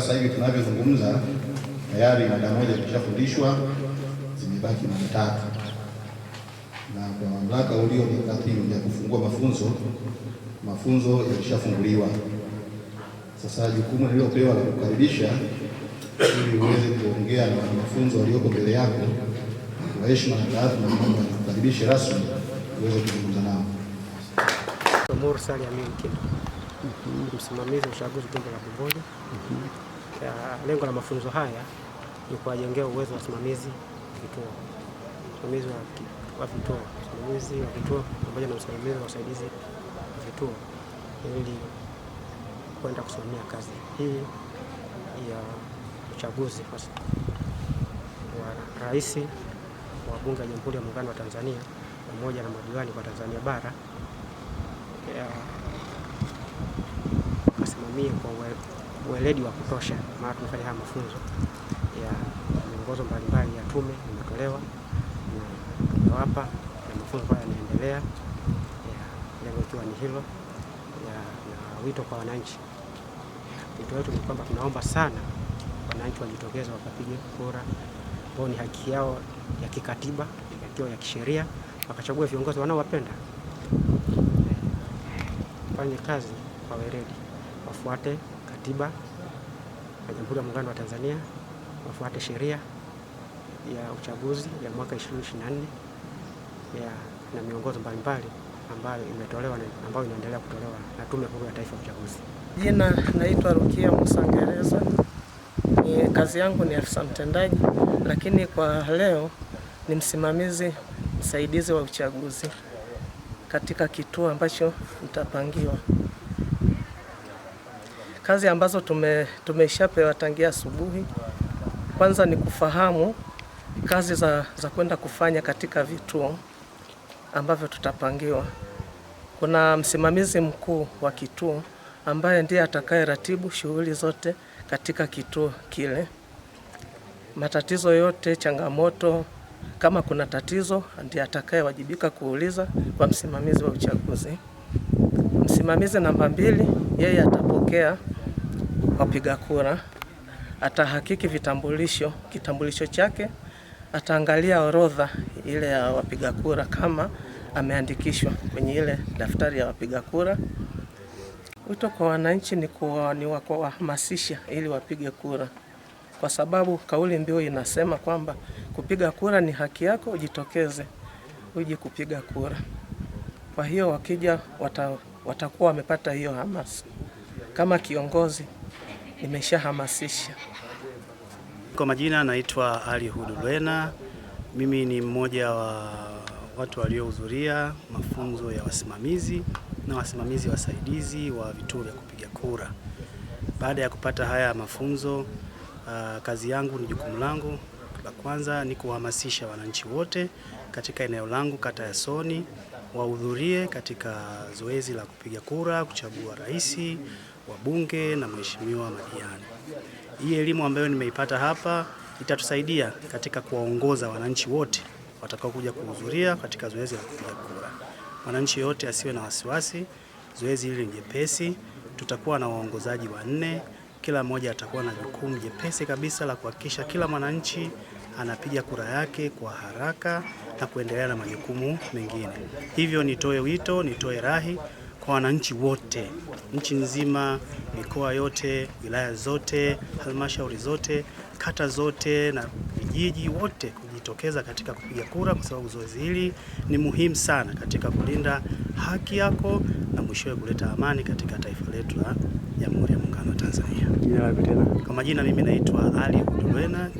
mpaka sasa hivi tunavyozungumza tayari mada moja tumeshafundishwa, zimebaki mada tatu, na kwa mamlaka ulio uliokatimu ya kufungua mafunzo, mafunzo yalishafunguliwa. Sasa jukumu niliyopewa la kukaribisha ili uweze kuongea na wanafunzi walioko mbele yako kwa heshima na taadhima, na kukaribisha rasmi uweze kuzungumza nao. Mursali Amin Kindo, msimamizi wa uchaguzi jimbo la Bumbuli ya lengo la mafunzo haya ni kuwajengea uwezo wa wasimamizi vituo, wasimamizi wa vituo, wasimamizi wa vituo pamoja na usimamizi wa usaidizi wa vituo ili kwenda kusimamia kazi hii ya uchaguzi wa rais wa bunge la Jamhuri ya Muungano wa Tanzania pamoja na madiwani kwa Tanzania bara wakasimamia kwa uwezo weledi wa kutosha, maana tumefanya haya mafunzo ya miongozo mbalimbali ya tume imetolewa na tumewapa, na mafunzo haya yanaendelea ya lengo ikiwa ni hilo ya, na wito kwa wananchi, wito wetu ni kwamba tunaomba sana wananchi wajitokeze wakapige kura ambao ni haki yao ya kikatiba, haki yao ya kisheria, wakachagua viongozi wanaowapenda. Fanye kazi kwa weledi, wafuate katiba ya Jamhuri ya Muungano wa Tanzania, wafuate sheria ya uchaguzi ya mwaka 2024 ya na miongozo mbalimbali ambayo imetolewa na ambayo inaendelea kutolewa na Tume Huru ya Taifa ya Uchaguzi. Jina naitwa Rukia Musa Ngereza. Ni kazi yangu ni afisa mtendaji, lakini kwa leo ni msimamizi msaidizi wa uchaguzi katika kituo ambacho mtapangiwa. Kazi ambazo tume, tumeishapewa tangia asubuhi, kwanza ni kufahamu kazi za, za kwenda kufanya katika vituo ambavyo tutapangiwa. Kuna msimamizi mkuu wa kituo ambaye ndiye atakaye ratibu shughuli zote katika kituo kile, matatizo yote, changamoto. Kama kuna tatizo, ndiye atakayewajibika kuuliza kwa msimamizi wa uchaguzi. Msimamizi namba mbili, yeye atapokea wapiga kura, atahakiki vitambulisho, kitambulisho chake, ataangalia orodha ile ya wapiga kura kama ameandikishwa kwenye ile daftari ya wapiga kura. Wito kwa wananchi ni kuwahamasisha ili wapige kura, kwa sababu kauli mbiu inasema kwamba kupiga kura ni haki yako, ujitokeze uje kupiga kura. Kwa hiyo wakija watakuwa wamepata hiyo hamasa kama kiongozi nimeshahamasisha. Kwa majina naitwa Ali Hudulwena, mimi ni mmoja wa watu waliohudhuria mafunzo ya wasimamizi na wasimamizi wasaidizi wa vituo vya kupiga kura. Baada ya kupata haya mafunzo, uh, kazi yangu ni jukumu langu la kwanza ni kuhamasisha wananchi wote katika eneo langu kata ya Soni wahudhurie katika zoezi la kupiga kura kuchagua rais wabunge na mheshimiwa madiani. Hii elimu ambayo nimeipata hapa itatusaidia katika kuwaongoza wananchi wote watakaokuja kuhudhuria katika zoezi la kupiga kura. Wananchi yote asiwe na wasiwasi, zoezi hili ni jepesi. Tutakuwa na waongozaji wanne, kila mmoja atakuwa na jukumu jepesi kabisa la kuhakikisha kila mwananchi anapiga kura yake kwa haraka na kuendelea na majukumu mengine. Hivyo nitoe wito, nitoe rahi kwa wananchi wote nchi nzima, mikoa yote, wilaya zote, halmashauri zote, kata zote na vijiji wote kujitokeza katika kupiga kura, kwa sababu zoezi hili ni muhimu sana katika kulinda haki yako na mwishowe kuleta amani katika taifa letu la Jamhuri ya Muungano wa Tanzania. Kwa majina mimi naitwa Ali Kutulwena.